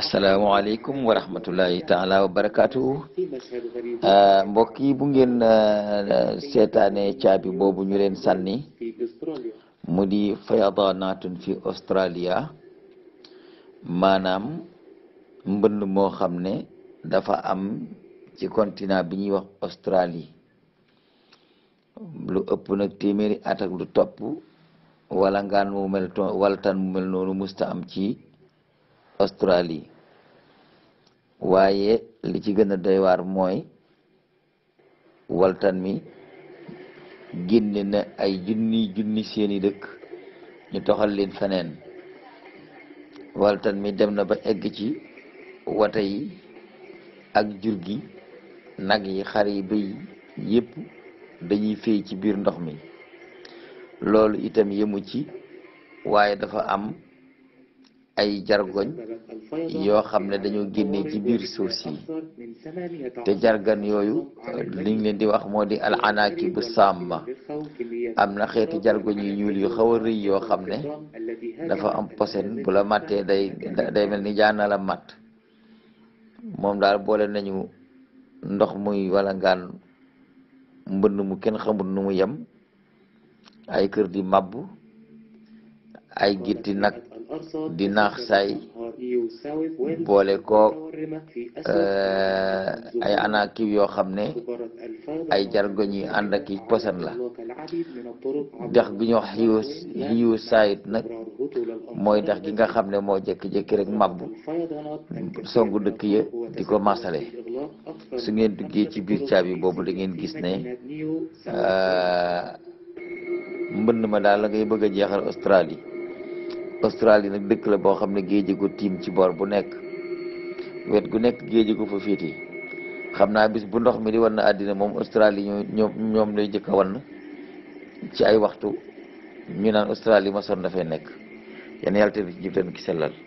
asalaamaaleykum wa rahmatullahi taala wa barakaatu ah, mbokk yi bu ngeen ah, seetaane caabi boobu ñu leen sànni mu di fayadanatun fi Australia maanaam mbënn moo xam ne dafa am ci continent bi ñuy wax Australie lu ëpp nag téeméeri at lu topp wala ngaan mu mel to waltan mu mel noonu musta ci Australie waaye li ci gën a doy waar mooy waltan mi génne na ay junni junni seeni dëkk ñu toxal leen feneen waltan mi dem na ba egg ci wata yi ak jur gi nag yi xar yi bëy yépp dañuy fey ci biir ndox mi loolu itam yëmu ci waaye dafa am ay jargoñ yoo xam ne dañoo génnee ci biir suuf si te jargan yooyu liñ leen di wax moo di al anaaki bu sàmma am na xeeti jargoñ yu ñuul yu xaw a rëy yoo xam ne dafa am posen bu la mattee day day mel ni jaana la matt moom daal boole nañu ndox muy wala ngaan mbënd mu kenn xamul nu mu yem ay kër di mabbu ay gitti nag di naax saay boole koog eh, ay anakib yoo xam ne ay jargoñ yi ànd ak i posan la dex gi ñuy wax xiyu saayit nag mooy dex gi nga xam ne moo jékki-jékki rek mabbu songu dëkk ya di ko masale su ngeen duggee ci biir caabi boobu da ngeen gis ne eh, mbënd ma daal la ngay bëgg a jeexal Australie Australie nag dëkk la boo xam ne géej gu tiim ci bor bu nekk wet gu nekk géej gu fa féete xam naa bis bu ndox mi di wan na àddina moom Australie ñoom ñoom lay jëkk a wan ci ay waxtu ñu naan Australie ma sonn dafay nekk yan yàlla ci jëf ki sellal